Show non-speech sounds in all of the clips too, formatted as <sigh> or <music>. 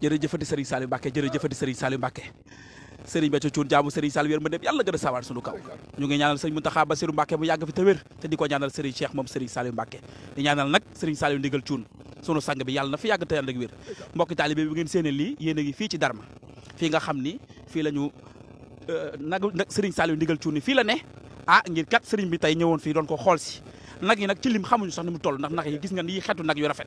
jërëjëfati Serigne Saliou Mbacké jërëjëfati Serigne Saliou Mbacké Serigne Béthio Thioune jaamu Serigne Saliou wér ma dem a sawaar sunu kaw ñu ngi ñaanal Serigne Mountakha Bassirou Mbacké mu yàgg fi te di ko ñaanal Serigne Cheikh moom Serigne Saliou Mbacké di ñaanal nag Serigne Saliou ndigal Thioune sunu sang bi yàlla na fi yàgg te ànd ak wér mbokki taalibe bi ngeen séenee lii yéen a ngi fii nga xam ni fii la ñu euh, nag nag Serigne Saliou ndigal Thioune fii la ne ah ngir kat Serigne bi tey ñëwoon fii doon ko xool si nag yi nag ci lim xamuñu sax ni mu toll ndax nag yi gis nga ni xeetu nag yu rafet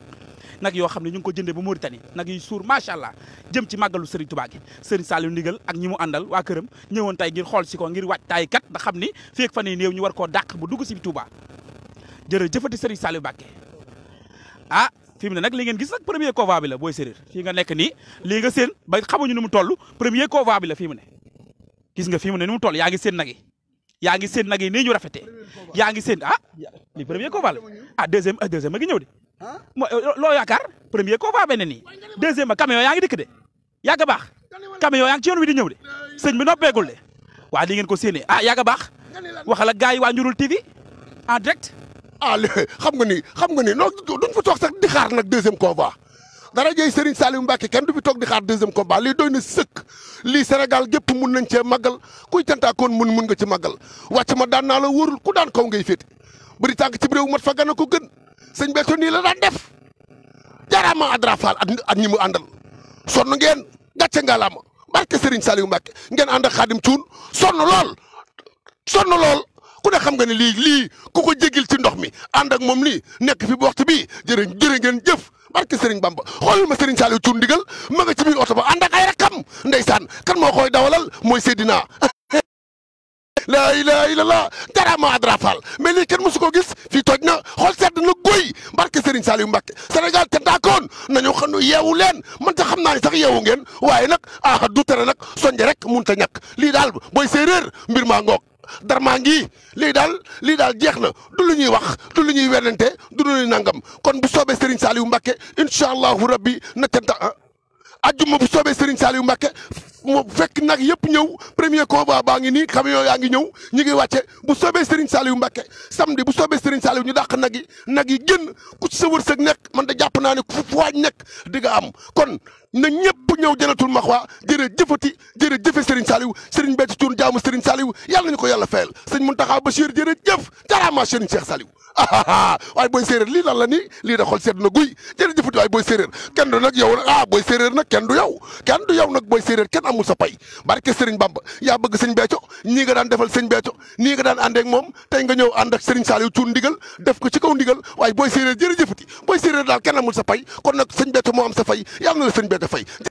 nag yoo xam ne ñu ngi ko jëndee ba Mauritanie nag yuy suur macha allah jëm ci màggalu Serigne Touba gi Serigne Saliou Ndigal ak ñi mu àndal waa këram ñëwoon tey ngir xool si ko ngir wàaj taay kat da xam ni feek fan yi ñu war koo dàq bu dugg si Touba jërëjëfati Serigne Saliou Mbacké ah fi nag li ngeen gis nag premier convoi booy séréer fii nga nekk nii lii nga seen ba xamuñu nu mu toll premier convoi bi la fi mu ne gis nga fi mu ne nu mu toll yaa ngi seen nag yi yaa ngi seen nag yi nii ñu rafetee yaa ngi seen ah li premier convoi la ah deuxième ah deuxième ñëw de mooy loo yaakaar premier combat beneen nii deuxième camion yaa ngi dikk de yàgg baax camion yaa ngi ci yoon wi di ñëw de sëñ bi noppeegul de waa di ngeen ko séenee ah, a yàgg baax waxal ak gars yi waa Njurul TV en direct. ah xam nga ni xam nga ni non duñ fa toog sax di xaar nag deuxième combat dara jëy Serigne Saliou Mbacke kenn du fi toog di xaar deuxième combat lii doy na sëkk lii Sénégal gépp mun nañ cee màggal kuy tantaakoon mun mun nga ci màggal wàcc ma daan naa la wóorul ku daan kaw ngay féete bëri ci réew mat fa gën a ko gën. sëñ Béthio nii la daan def jaaraama Adra Fall ak ñi mu àndal sonn ngeen gàcce ngalaama barke Serigne Saliou Mbacke ngeen ànd ak Xaadim Cuun sonn lool sonn lool ku ne xam nga ne lii lii ku ko jégil ci ndox mi ànd ak moom lii nekk fi bu waxtu bii jërë jërë ngeen jëf barke Serigne Bamba xoolal ma Serigne Saliou Cuun ndigal ma nga ci biir oto ba ànd ak ay ndeysaan kan moo koy dawalal mooy Seydina laa <laughs> ilaaha illallaah jaaraama Adra Fall mais lii kenn mësu ko Serigne Saliou Mbacke Sénégal te daakoon nañu xam yeewu leen man ta xam naa ne sax yeewu ngeen waaye nag ah du tere nag sonje rek mun ta ñàkk lii daal booy séeréer mbir maa ngoog darmaa ngi lii daal lii daal jeex na du lu ñuy wax du lu ñuy wenante du lu ñuy nangam kon bu soobee Serigne Saliou Mbacke incha allahu rabbi na te ah, ajjuma bu soobee Serigne Saliou Mbacke mu fekk nag yëpp ñëw premier combat baa ngi nii camion yaa ngi ñëw ñu ngi wàcce bu soobee Serigne Saliou Mbacké samedi bu soobee Serigne Saliou ñu dàq nag yi nag yi génn ku ci sa wërsëg nekk man da jàpp naa ne ku fu waaj nekk di am kon na ñëpp ñëw jënatul maxwaa jërë jëfati jërë jëfe Serigne Saliou Serigne jaamu Serigne Saliou yàlla nañu ko yàlla fayal sëñ Mountakha Bachir jërëjëf jaraama Serigne Cheikh Saliou <laughs> waaye booy séeréer lii lan la nii lii da xol sedd na guy jërëjëfati waaye booy séeréer kenn du nag yow nag ah, booy séeréer kenn du yow kenn du yow kenn amul sa pay barke Serigne Bamba yaa bëgg sëñ Béthio nii nga daan defal sëñ Béthio nii nga daan ànd moom tey nga ñëw ànd ak Serigne Saliou cuun ndigal def ko ci kaw ndigal waaye booy séeréer jërëjëfati booy séeréer daal kenn amul sa pay kon am na